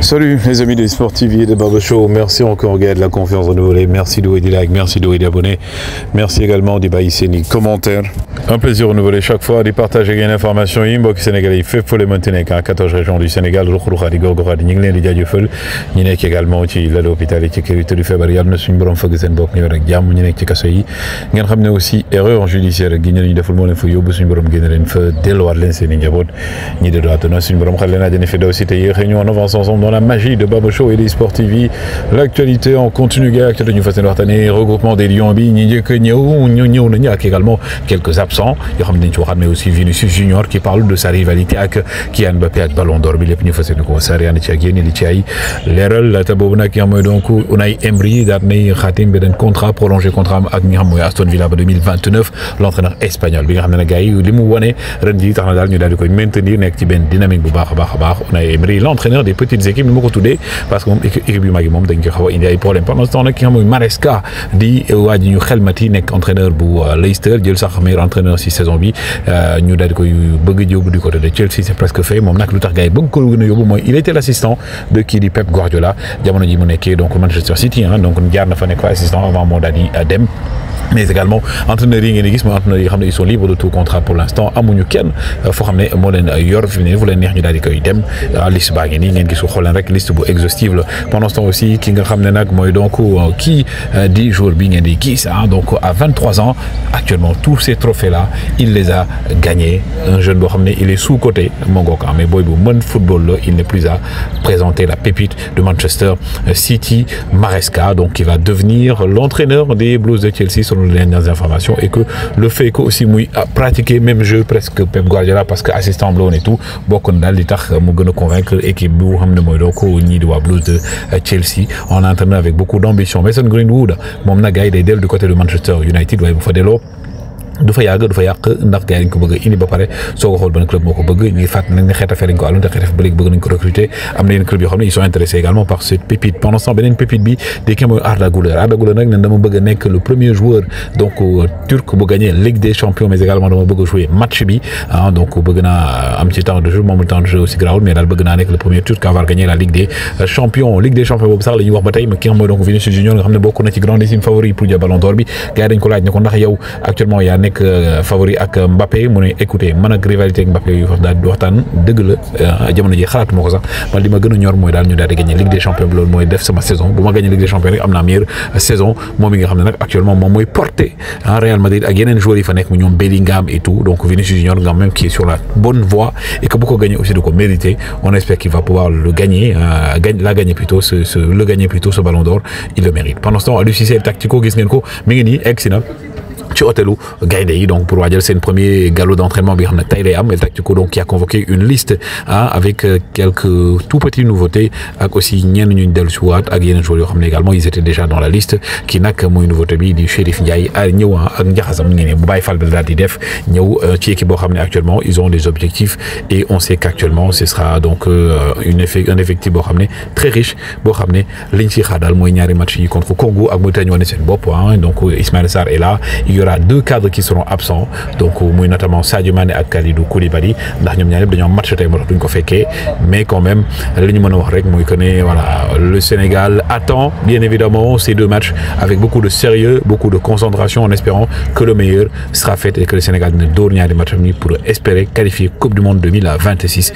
Salut les amis des sportifs et des Barbechaux. Merci encore Gaël de la confiance renouvelée. Merci de des likes. merci de des abonnés. Merci également du bail ni commentaires. Un plaisir renouvelé chaque fois de partager des informations. Inbox sénégalais, fait pour les Monténégrins, 14 régions du Sénégal, Rokhroukhari, Gorgoradi, Ninglé, Lidia Dieufel, Ninek également, qui l'hôpital et qui est du février, Yal, Nusun Brom Fogesen Bok, Niorek Diam, Ninek Tikasoyi. Nous avons aussi erreur judiciaire, Guignol, Nida Fulmon, Fuyo, Busun Brom, Guignol, Feu, Delwar, Lensen, Ningabot, Nida Doat, Nusun Brom, Khalena, Jennifer, aussi, Tayer, Réunion en avance ensemble dans la magie de Babo Show et des Sport TV. L'actualité en continu, Gac, de Nouvelle-Nouvelle-Tanée, regroupement des Lions, avec également quelques absents. mais aussi Vinicius Junior qui parle de sa rivalité avec Kian Mbappé avec Ballon d'Or. Il est venu faire une concert et L'erreur, la tabouna qui a donc Unai Emery, d'Arnei Khatim, un contrat prolongé contrat avec Aston Villa 2029, l'entraîneur espagnol. Il y a un gars qui a dit, il a maintenir une dynamique. Unai Emery, l'entraîneur des petites équipes équipe bi ma ko parce que moom équipe yu mag yi moom dañ ko a des problèmes pendant ce temps là ki nga xam mooy Maresca di waa ji ñu xelmati nekk entraîneur pour euh, Leicester jël sax meilleur entraîneur si saison bi euh, ñu daal di koy bëgg du côté de Chelsea c'est presque fait moom nag lu tax gars ko gën a yóbbu il était l'assistant de kii di Pep Guardiola jamono ji mu nekkee donc Manchester City ah donc jaar na fa nekk fa assistant avant moo daal di euh, mais également entraîneur yi ngeen gis ils sont libres de tout contrat pour l'instant instant amuñu kenn euh, foo xam ne moo euh, yor fi ne nii fu leen neex ñu daal di koy dem euh, liste rek liste bu exhaustive pendant ce temps aussi ki nga xamné nak moy donc kii jour bi hein, donc à 23 ans actuellement tous ces trophées là il les a gagnés un jeune bo xamné il est sous côté moo hein, mais pour bu football il n'est plus à présenter la pépite de Manchester City Maresca donc qui va devenir L'entraîneur des Blues de Chelsea les dernières informations et que le fait que aussi pratiqué ah, pratiquer même jeu presque Pep Guardiola parce que assistant blonde et tout beaucoup na daal convaincre l'équipe de euh, Chelsea en entraînant avec beaucoup d'ambition Mason Greenwood mon gars il est du côté de Manchester United il faut des lots du fa yàgg du fa yàq ndax gars yi dañ ko bëgg a indi ba pare soo ko xool ban club moo ko bëgg ñuy fàtt nañ ne Xetafe ko àlloon te Xetafe ba léegi bëgg nañ ko recruter am na club yoo xam ne ils sont intéressés également par cette pépite pendant ce temps beneen pépite bi di kii mooy Arda Güler Arda Güler nag nen dama bëgg a nekk le premier joueur donc euh, turc bu gagné Ligue des champions mais également dama bëgg a jouer match bi ah donc bëgg naa euh, am ci temps de jeu moom temps de jeu aussi grawul mais daal bëgg naa nekk le premier turc à avoir gagné la Ligue des euh, champions Ligue des champions boobu sax la ñuy wax ba tey mais nga mooy donc Vinicius Junior nga xam ne bokk na ci grandissime favori pour jël ballon d'or bi gars yi dañ ko laaj ne ko ndax yow actuellement yaa que euh, favori ak Mbappé mu ne écoutez man ak rivalité ak Mbappé yu wax daal di waxtaan la euh, jamono ji xalat ko sax man li ma gën ñor moy dal ñu dal di gagner Ligue des champions bi moy def sama saison buma ma Ligue des champions rek euh, saison momi nga xam nak actuellement mom moy porté hein, Real Madrid ak yeneen joueurs yi fa nekk mu ñoom Bellingham et tout donc Vinicius Junior nga même qui est sur la bonne voie et que bu ko gagner aussi de ko mériter. on espère qu'il va pouvoir le gagner gagner la gagner plutôt ce le gagner plutôt ce ballon d'or il le mérite pendant ce temps Aliou Cissé tactico gis ngeen ko mi ngi nii ci hôtelu gaynde donc pour c'est sen premier galop d'entraînement bi xamna tay lay am El Tactico donc qui a convoqué une liste hein, avec euh, quelques tout petits nouveautés ak aussi ñen ñu dellu si waat ak yeneen joueurs yo également ils étaient déjà dans la liste qui nak moy nouveauté bi di Cherif Ndiaye ah, ñëw hein, ak njaxasam ngi ne bu bàyyi fal bi di def ñëw euh, ci équipe bo actuellement ils ont des objectifs et on sait qu'actuellement ce sera donc euh, une effet un effectif bo xamné très riche bo xamné liñ ci xaar moy ñaari match yi contre Congo ak Mauritanie c'est un bop point hein. donc Ismaël Sarr est là il deux cadres qui seront absents donc euh, notamment Sadio Mané et Kalidou Koulibaly ndax match tay mais quand même rek voilà le Sénégal attend bien évidemment ces deux matchs avec beaucoup de sérieux beaucoup de concentration en espérant que le meilleur sera fait et que le Sénégal ne à des match pour espérer qualifier Coupe du Monde 2026